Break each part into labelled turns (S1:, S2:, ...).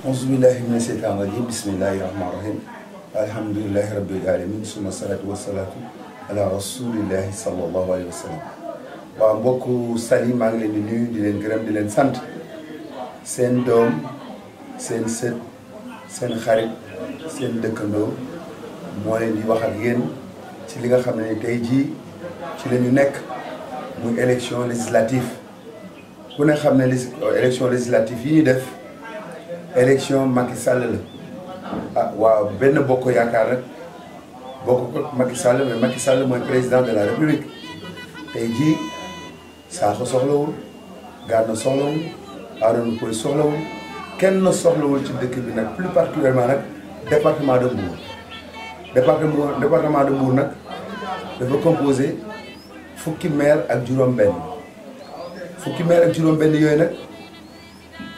S1: أعوذ بالله من الشيطان الرجيم بسم الله الرحمن الرحيم الحمد لله رب العالمين ثم الصلاة والسلام على رسول الله صلى الله عليه وسلم وأبوك سليم على النبي دين كرم دين سنت سن دوم سن ست سن خارج سن دكندو موالي دي واحد ين تلقى خمسة تيجي تلقى نك مو إلكشن لزلاتيف كنا خمسة إلكشن لزلاتيف يدف élection Macky Sall la ah waaw benn Boko rek boko Macky Sall mais Macky Sall mooy président de la république tey soxlo Sakho aron ko soxlo Arouna ken soxlawul soxlo soxlawul ci dëkk bi nak plus particulièrement nak département de Mbour département département de Mbour nak dafa composé fukki maire ak juróom ben fukki maire ak juróom ben yoy nak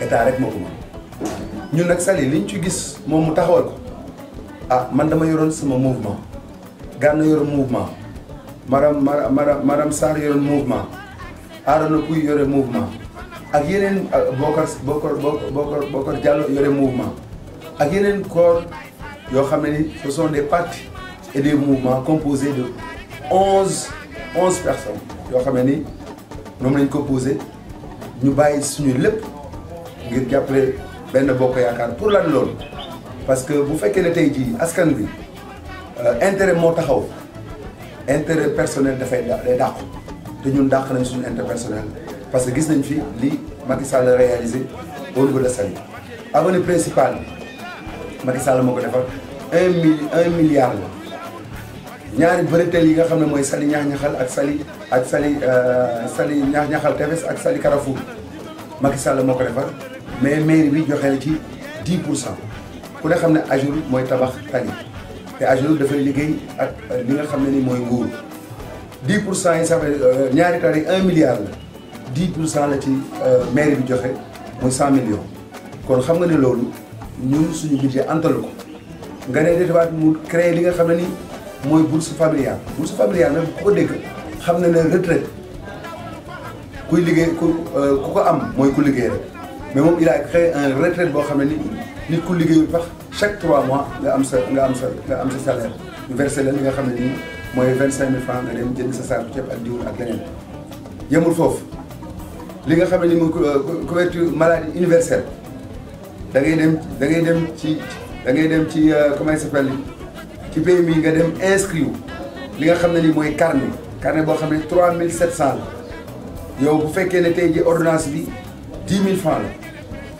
S1: état rek moo que ñun nak sali liñ ci gis taxawal ko ah man dama sama mouvement mouvement madame madame madame mouvement Pouy yoré mouvement ak yenen ah, Bokor bokor bokor bokor Diallo yoré mouvement ak yenen corps ce sont des parties et des mouvements composés de 11 11 personnes yo ni lañ ñu ngir jàppale benn bokk pour lan parce que bu fekkee ne tey askan euh, intérêt moo taxaw intérêt personnel dafay day ñun nañ suñu intérêt personnel parce que gis nañ fi li Macky Sall réalisé au niveau de La avenue principale Macky Sall un milliard ñaari yi nga ak ak euh, mais mairie bi joxe na ci 10 pour cent ku ne xam ne AGEROUTE mooy tabax tali te AGEROUTE dafay liggéey ak li nga xam ne ni mooy nguur 10 pour cent yi ça fait euh, ñaari tari 1 milliard la 10 pour cent la ci euh, maire bi joxe muy 100 millions kon xam nga ne loolu ñun suñu budget antal ko nga ne defaat mu créé li nga xam ne ni mooy bourse familiale bourse familiale nag ku ko dégg xam ne ne retraite kuy liggéey ku euh, ku ko am mooy ku liggéey rek mais moi, il a créé un retrait de Khamenei. Les collègues chaque trois mois, il a un salaire. universel verse les gars moi 25 000 francs, il a mis sa salaire pour faire du à l'année. Il a mouru les gars Khamenei couverture maladie universelle. Comment il s'appelle Tu payes mais tu es inscrit. Ce que tu sais, c'est carnet. carnet est de 3 700. Si tu fais une ordonnance, c'est 10 000 francs.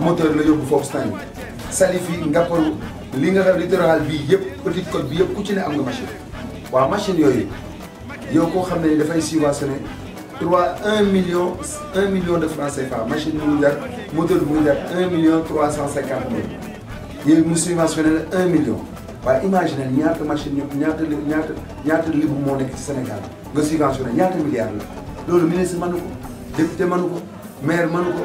S1: moteur la yóbbu foofu stand salifi ngapparu li nga xam littoral bii yëpp Petite Côte bi yëpp ku ci ne am nga machine waaw machine yooyu yow koo xam ne dafay subventionné trois un million un million de francs CFA machine bi mu jar moteur bi mu jar un million trois cent cinquante mille yooyu ñaata machine ñoom ñaata ñaata ñaata libu moo nekk ci Sénégal nga subventionné ñaata milliards la loolu ministre mënu ko député mënu ko maire mënu ko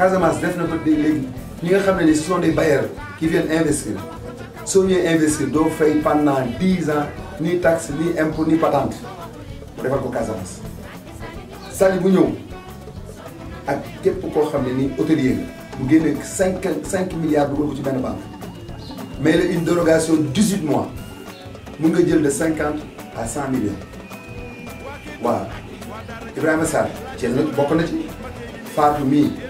S1: Casamas def na nga xamné ce sont des bailleurs qui viennent investir so ñu investir do fay pendant 10 ans ni taxe ni impôt ni patente pour défendre ko Casamas sali bu ñew ak képp ko xamné ni hôtelier mu génné 5 5 milliards dugul ko ci ben banque mais il a une dérogation de 18 mois mu nga jël de 50 à 100 millions voilà Ibrahima Sall ci bokk na ci Fatou Mie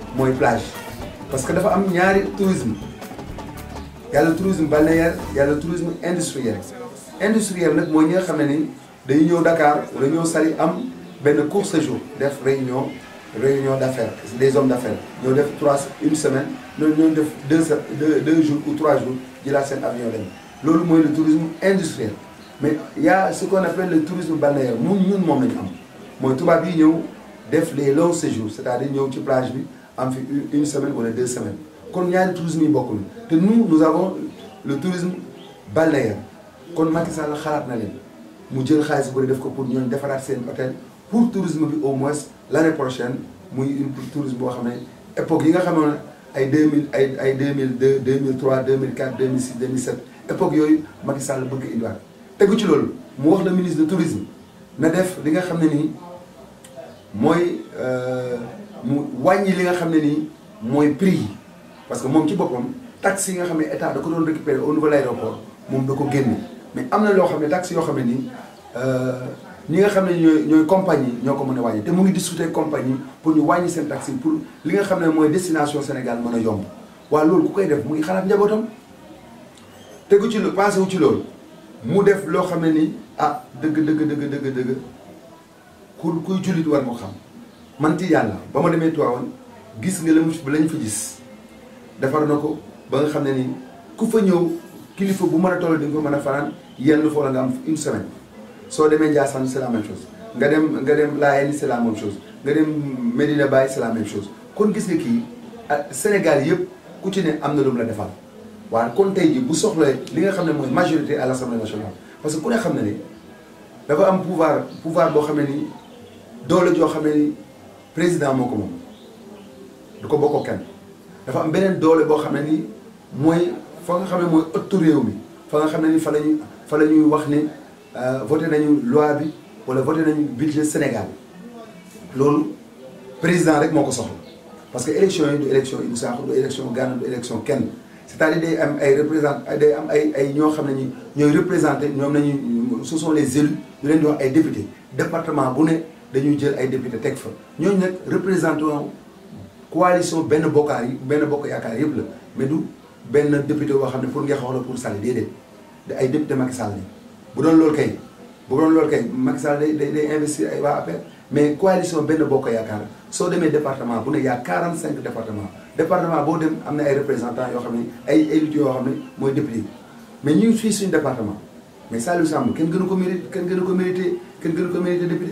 S1: moy plage parce que dafa am ñaari tourisme le tourisme balnéaire le tourisme industriel industriel nak mooy ñi nga xam ne ñëw Dakar wala ñëw Saly am ben court séjour def réunion réunion d'affaires des hommes d'affaires affaires ñoo def trois une semaine ñoo ñoo def deux deux deux jours ou trois jours jëlaat seen avion dem lolu moy le tourisme industriel mais y' a ce qu'on appelle le tourisme balnéaire ñun ñun mom la am moy tubaab bi ñëw def les longs séjours c'est à dire ñëw ci plage bi une semaine ou deux semaines. Comme il y a le tourisme, beaucoup. de nous, nous avons le tourisme balnéaire. Comme Macky Sall, Khalat dit Moudjel Khaïs, vous voulez pour nous défendre ces hôtels pour le tourisme au moins l'année prochaine. Nous une pour tourisme pour l'époque où nous avons 2002, 2003, 2004, 2006, 2007. L'époque pour Macky Sall veut ça le bouquet Et c'est ce moi le ministre du tourisme. Nous avons fait ce que moi avons mu wàññi li nga xam ne nii prix parce que moom ci bopom taxi nga xamné état da ko doon récupérer au nouvel aéroport mom da ko génne mais amna lo xamné taxi yo xamné ni euh ni nga xamné ñoy ñooy compagnie ñoko ko wañi té mo ngi discuter compagnie pour ñu wañi sen taxi pour li nga xamné moy destination Sénégal mëna yomb wa lool ku koy def mu ngi xalaat té gu ci lu passé wu ci lool mu def lo xamné ni nii ah deug deug deug deug deug ku kuy julit war mo xam man ci yàlla ba ma demee Tiwaawan gis nga la mu lañ fa gis defar na ko ba nga xam ne ni ku fa ñëw kilifa bu mën a toll di nga fa mën a fanaan yenn foo la nga am une semaine soo demee Ndiassane c'est la chose nga dem nga dem la c'est la même chose nga dem Medina Baye c'est la même chose kon gis nga kii ah, Sénégal yëpp ku ci ne am na lu la defal waaye kon tey ji bu soxla li nga xam ne mooy majorité à l'Assemblée nationale parce que ku ne xam ne ne dafa am pouvoir pouvoir boo xam ne ni doole joo xam ne ni président moko mom moom du ko bokk kenn dafa am benen doole bo xamné ni moy fa nga xamné moy auto rew mi fa nga xamné ni fa la fa la wax ni euh voter nañu loi bi wala voter nañu budget Sénégal loolu président rek moko ko soxla parce que élection yi du élection Ibou Sakho du élection Gana du élection ken c'est-à-dire day am ay représent day am ay ay ñoo xamné ni ñoy représenter ñom nañu ce sont les élus ñu leen di wax ay députés département bu ne dañuy jël ay député teg fa ñooñu nag représentant coalition benn bokkaar yi benn bokk yaakaar yëpp la mais du benn député boo xam ne pour Ngexoox la pour Sall déedéet da ay député Macky Sall lañ bu doon loolu kay bu doon loolu kay Macky Sall day day investir ay waa APR mais coalition benn bokk yaakaar soo demee département bu ne y'a quarante cinq département département boo dem am na ay représentants yoo xam ne ay élus yoo xam ne mooy député mais ñu ngi fii suñu département mais Saliou Samb kenn gënu ko mérité kenn gënu ko mérité kenn gënu ko mérité député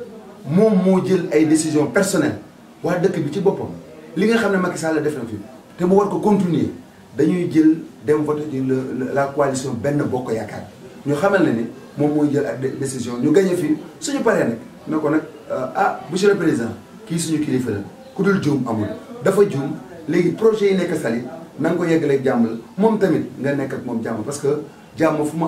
S1: personnelle. qui jël ay décisions personnelles dëkk bi ci li nga que Macky Sall def na fi que continuer dañuy jël la coalition Ben, Boko yaakaar Nous xamal que Mon modèle décision ñu gagné fii suñu pas ko euh, ah monsieur le président qui suñu kilifa la ku dafa projet ko Les tamit nga parce que fuma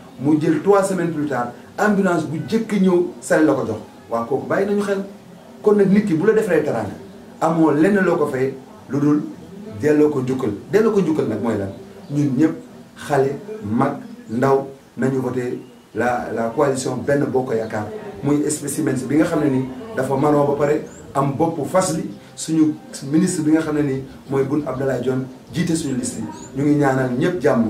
S1: mu jël trois semaines plus tard ambulance bu jëk ñew sale la ko jox wa kooku bàyyi nañu xel kon nak nit ki bu la defaree teraanga amo lenn loo ko fay lu dul ko jukkal delloo ko jukkal nak moy lan ñun ñëpp xalé mag ndaw nañu voté la la coalition ben boko yakar muy spécimen bi nga xamné ni dafa maroo ba paré am bop fas suñu ministre bi nga xamné ni moy Boun Abdallah Dionne jité suñu liste ñu ngi ñaanal ñëpp jamm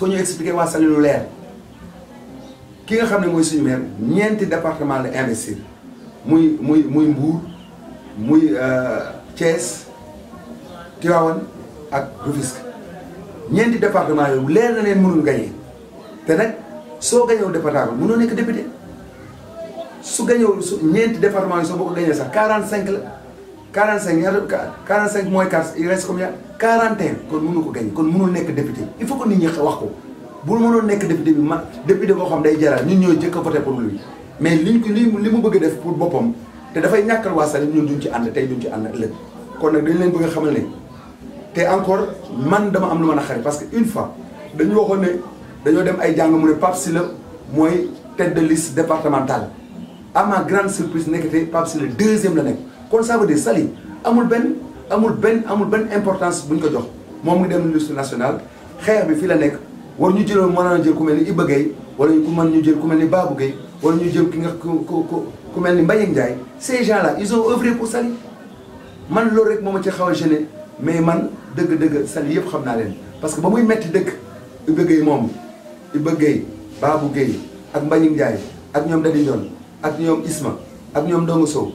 S1: faut ñu expliquer wa salu leer ki nga xamne moy suñu mère ñenti département la investir muy muy muy Mbour muy euh Thiès Tivaouane ak rufisk ñenti département yooyu leer na leen mënul gagné te nag soo gañëw département mënoo nek député su gañëw ñenti département yi so bokk ko sax 45 la 45 ñaata 45 moins 4 il reste combien 41 kon mënu ko gagné kon mënul nek député il faut que nit ñi wax ko bu mënoon nek député bi man député boo xam day jaral ñun ñoo jëkk voter pour lui mais liñ ko li li bëgg def pour boppam te dafay ñàkkal waa Saly ñun duñ ci ànd tey duñ ci and ëlëk kon nak dañ leen bëgg xamal né té encore man dama am lu ma xari parce que une fois dañ waxone dañu dem ay jàng mu ne Pape Sylla moy tête de liste départementale à ma grande surprise nekk te Pape Sylla deuxième la nekk kon ça veut dire amul ben amul amul importance buñ ko jox dem nationale bi fi la nek war ñu jël jël ku ku ñu jël ku wala ñu jël ki nga ces gens là ils ont œuvré pour Sali. man ne rek pas ci xaw gêné mais man deug deug Sali. xamna parce que ba muy metti dëkk Iba gay moom Iba Gueye babu ak Ndiaye Isma ak ñom Dongoso.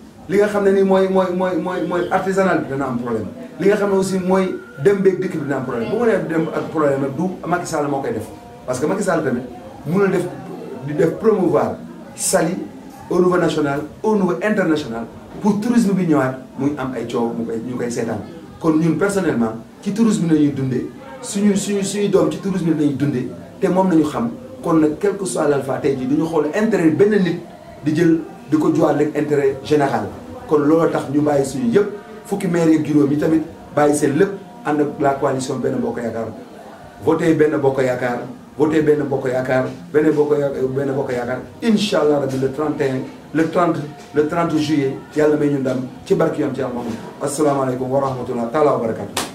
S1: li nga xamné ni moy moy moy moy moy artisanal bi dana am problème li nga xamné aussi moy dem beeg dikk bi dina am problème bu ma nee dem ak problème nag du Macky Sall mo koy def parce que Macky Sall tamit mun na def di def promouvoir Saly au niveau national au niveau international pour tourisme bi ñëwaat muy am ay ciow mu koy ñu koy seetaan kon ñun personnellement ci tourisme la ñuy dundee suñu suñu suñu doom ci tourisme la dundé té mom lañu xam kon nak quel que soit l'alpha tay ji duñu xol intérêt benn nit di jël de ko jox rek intérêt général kon loolu tax ñu bàyyi suñu yëpp fukki maire yeeg juróom yi tamit bàyyi seen lépp ànd ak la coalition benn Boko Yakar. Voter Ben Boko Yakar, voter Ben Boko Yakar, benn Boko Yakar, bokk le 31 le 30 le 30 juillet il may ñu ndam ci barki yam ci Assalamu alaikum wa rahmatullah taala wa barakatu